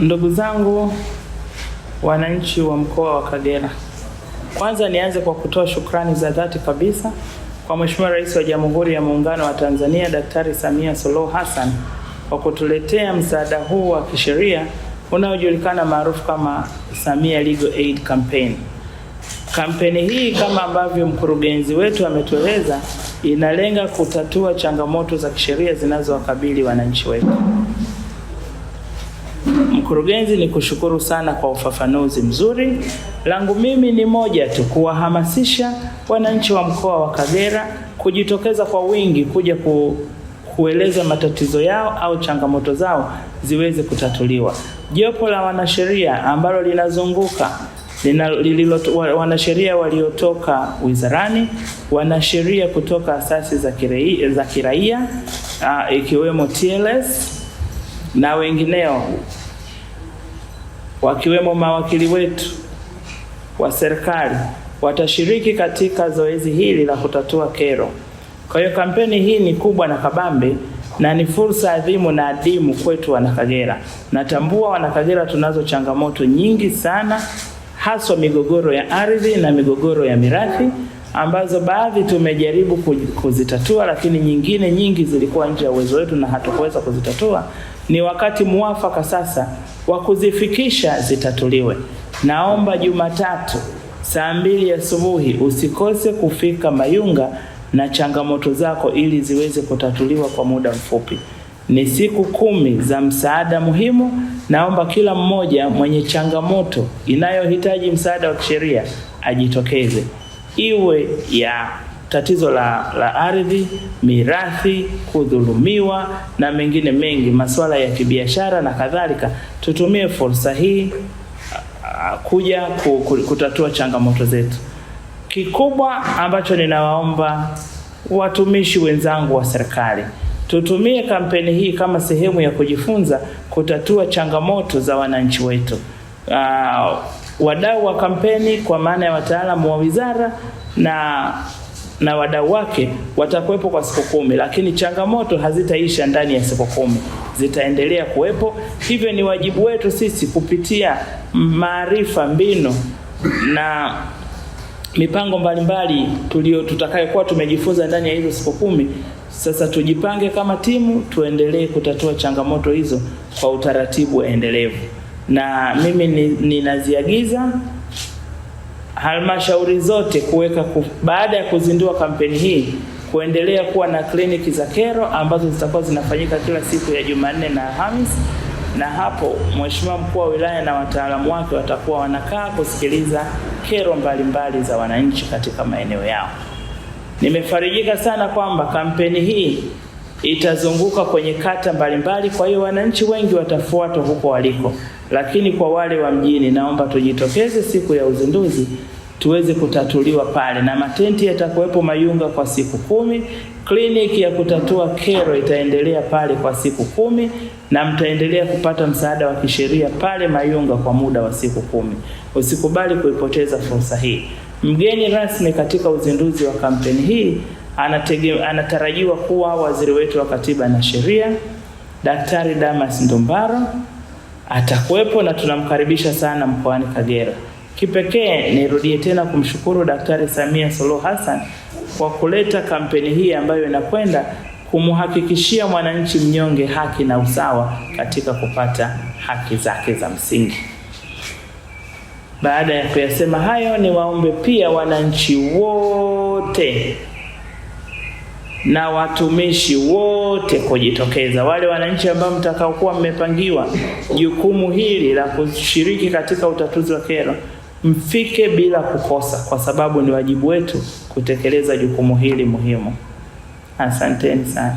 Ndugu zangu wananchi wa mkoa wa Kagera, kwanza nianze kwa kutoa shukrani za dhati kabisa kwa Mheshimiwa Rais wa Jamhuri ya Muungano wa Tanzania Daktari Samia Suluhu Hassan kwa kutuletea msaada huu wa kisheria unaojulikana maarufu kama Samia Legal Aid Campaign. Kampeni hii kama ambavyo mkurugenzi wetu ametueleza, inalenga kutatua changamoto za kisheria zinazowakabili wananchi wetu mkurugenzi, ni kushukuru sana kwa ufafanuzi mzuri. Langu mimi ni moja tu, kuwahamasisha wananchi wa mkoa wa Kagera kujitokeza kwa wingi kuja ku kueleza matatizo yao au changamoto zao ziweze kutatuliwa. Jopo la wanasheria ambalo linazunguka lina, lililo, wanasheria waliotoka wizarani, wanasheria kutoka asasi za kiraia, za kiraia uh, ikiwemo TLS na wengineo wakiwemo mawakili wetu wa serikali watashiriki katika zoezi hili la kutatua kero. Kwa hiyo kampeni hii ni kubwa na kabambe na ni fursa adhimu na adimu kwetu Wanakagera. Natambua Wanakagera tunazo changamoto nyingi sana, haswa migogoro ya ardhi na migogoro ya mirathi ambazo baadhi tumejaribu kuzitatua, lakini nyingine nyingi zilikuwa nje ya uwezo wetu na hatukuweza kuzitatua. Ni wakati muwafaka sasa wa kuzifikisha zitatuliwe. Naomba Jumatatu saa mbili asubuhi usikose kufika Mayunga na changamoto zako ili ziweze kutatuliwa kwa muda mfupi. Ni siku kumi za msaada muhimu. Naomba kila mmoja mwenye changamoto inayohitaji msaada wa kisheria ajitokeze iwe ya tatizo la, la ardhi, mirathi, kudhulumiwa na mengine mengi, masuala ya kibiashara na kadhalika. Tutumie fursa hii kuja kutatua changamoto zetu. Kikubwa ambacho ninawaomba watumishi wenzangu wa serikali, tutumie kampeni hii kama sehemu ya kujifunza kutatua changamoto za wananchi wetu. Uh, wadau wa kampeni kwa maana ya wataalamu wa wizara na na wadau wake watakuwepo kwa siku kumi, lakini changamoto hazitaisha ndani ya siku kumi, zitaendelea kuwepo. Hivyo ni wajibu wetu sisi kupitia maarifa, mbinu na mipango mbalimbali tulio tutakayokuwa tumejifunza ndani ya hizo siku kumi. Sasa tujipange kama timu, tuendelee kutatua changamoto hizo kwa utaratibu endelevu na mimi ninaziagiza ni halmashauri zote kuweka ku, baada ya kuzindua kampeni hii kuendelea kuwa na kliniki za kero ambazo zitakuwa zinafanyika kila siku ya Jumanne na Alhamisi, na hapo mheshimiwa mkuu wa wilaya na wataalamu wake watakuwa wanakaa kusikiliza kero mbalimbali mbali za wananchi katika maeneo yao. Nimefarijika sana kwamba kampeni hii itazunguka kwenye kata mbalimbali mbali, kwa hiyo wananchi wengi watafuatwa huko waliko. Lakini kwa wale wa mjini, naomba tujitokeze siku ya uzinduzi tuweze kutatuliwa pale, na matenti yatakuwepo Mayunga kwa siku kumi. Kliniki ya kutatua kero itaendelea pale kwa siku kumi, na mtaendelea kupata msaada wa kisheria pale Mayunga kwa muda wa siku kumi. Usikubali kuipoteza fursa hii. Mgeni rasmi katika uzinduzi wa kampeni hii anatege, anatarajiwa kuwa waziri wetu wa Katiba na Sheria Daktari Damas Ndumbaro atakuwepo na tunamkaribisha sana mkoani Kagera. Kipekee nirudie tena kumshukuru Daktari Samia Suluhu Hassan kwa kuleta kampeni hii ambayo inakwenda kumhakikishia mwananchi mnyonge haki na usawa katika kupata haki zake za msingi. Baada ya kuyasema hayo, niwaombe pia wananchi wote na watumishi wote kujitokeza. Wale wananchi ambao mtakaokuwa mmepangiwa jukumu hili la kushiriki katika utatuzi wa kero, mfike bila kukosa, kwa sababu ni wajibu wetu kutekeleza jukumu hili muhimu. Asanteni sana.